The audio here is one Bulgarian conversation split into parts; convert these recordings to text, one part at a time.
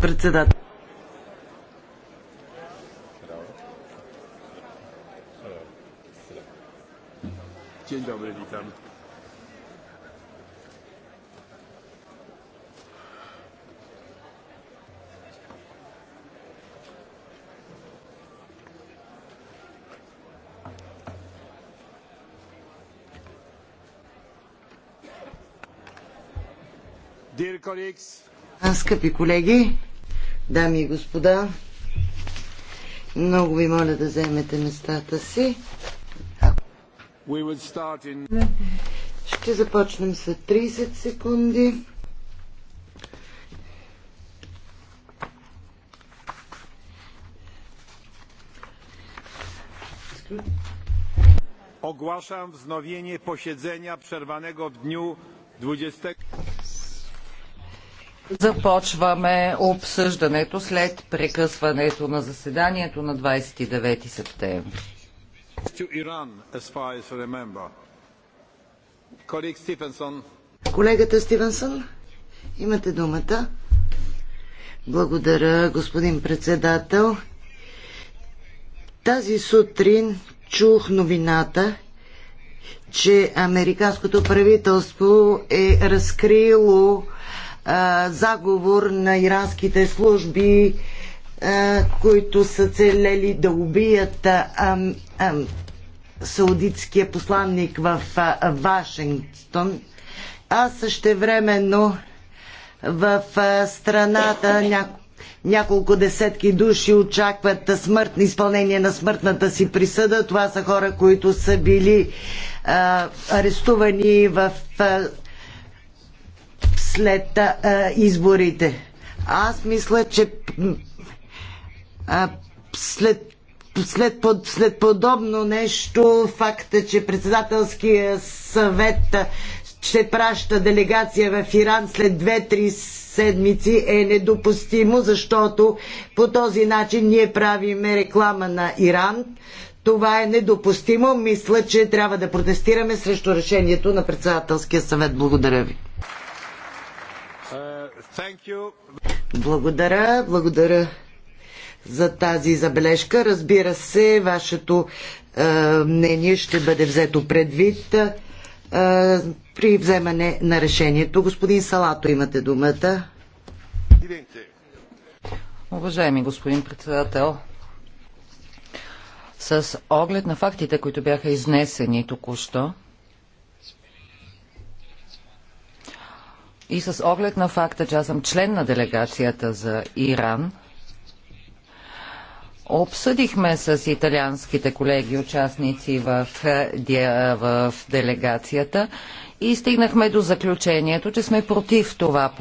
Председател. Dzień dobry, witam. Dear colleagues, Скъпи колеги, дами и господа, много ви моля да вземете местата си. Ще започнем след 30 секунди. Ogłaszam wznowienie поседения, przerwanego в дню 20. Започваме обсъждането след прекъсването на заседанието на 29 септември. Колегата Стивенсън, имате думата. Благодаря, господин председател. Тази сутрин чух новината, че американското правителство е разкрило заговор на иранските служби, които са целели да убият саудитския посланник в Вашингтон, а същевременно в страната няколко няколко десетки души очакват смъртно изпълнение на смъртната си присъда. Това са хора, които са били арестувани в след а, изборите. Аз мисля, че а, след след, под, след подобно нещо, факта, е, че председателския съвет ще праща делегация в Иран след 2-3 седмици е недопустимо, защото по този начин ние правиме реклама на Иран. Това е недопустимо. Мисля, че трябва да протестираме срещу решението на председателския съвет. Благодаря ви благодаря, благодаря за тази забележка. Разбира се, вашето е, мнение ще бъде взето предвид е, при вземане на решението. Господин Салато, имате думата. Уважаеми господин председател, с оглед на фактите, които бяха изнесени току-що, И с оглед на факта, че аз съм член на делегацията за Иран, Обсъдихме с италианските колеги, участници в, в делегацията и стигнахме до заключението, че сме против това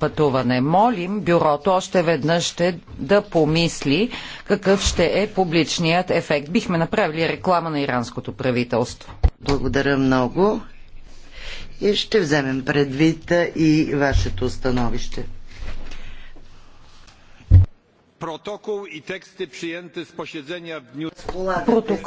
пътуване. Молим бюрото още веднъж ще да помисли какъв ще е публичният ефект. Бихме направили реклама на иранското правителство. Благодаря много и ще вземем предвид и вашето становище. Протокол и е приети с посещения в дню...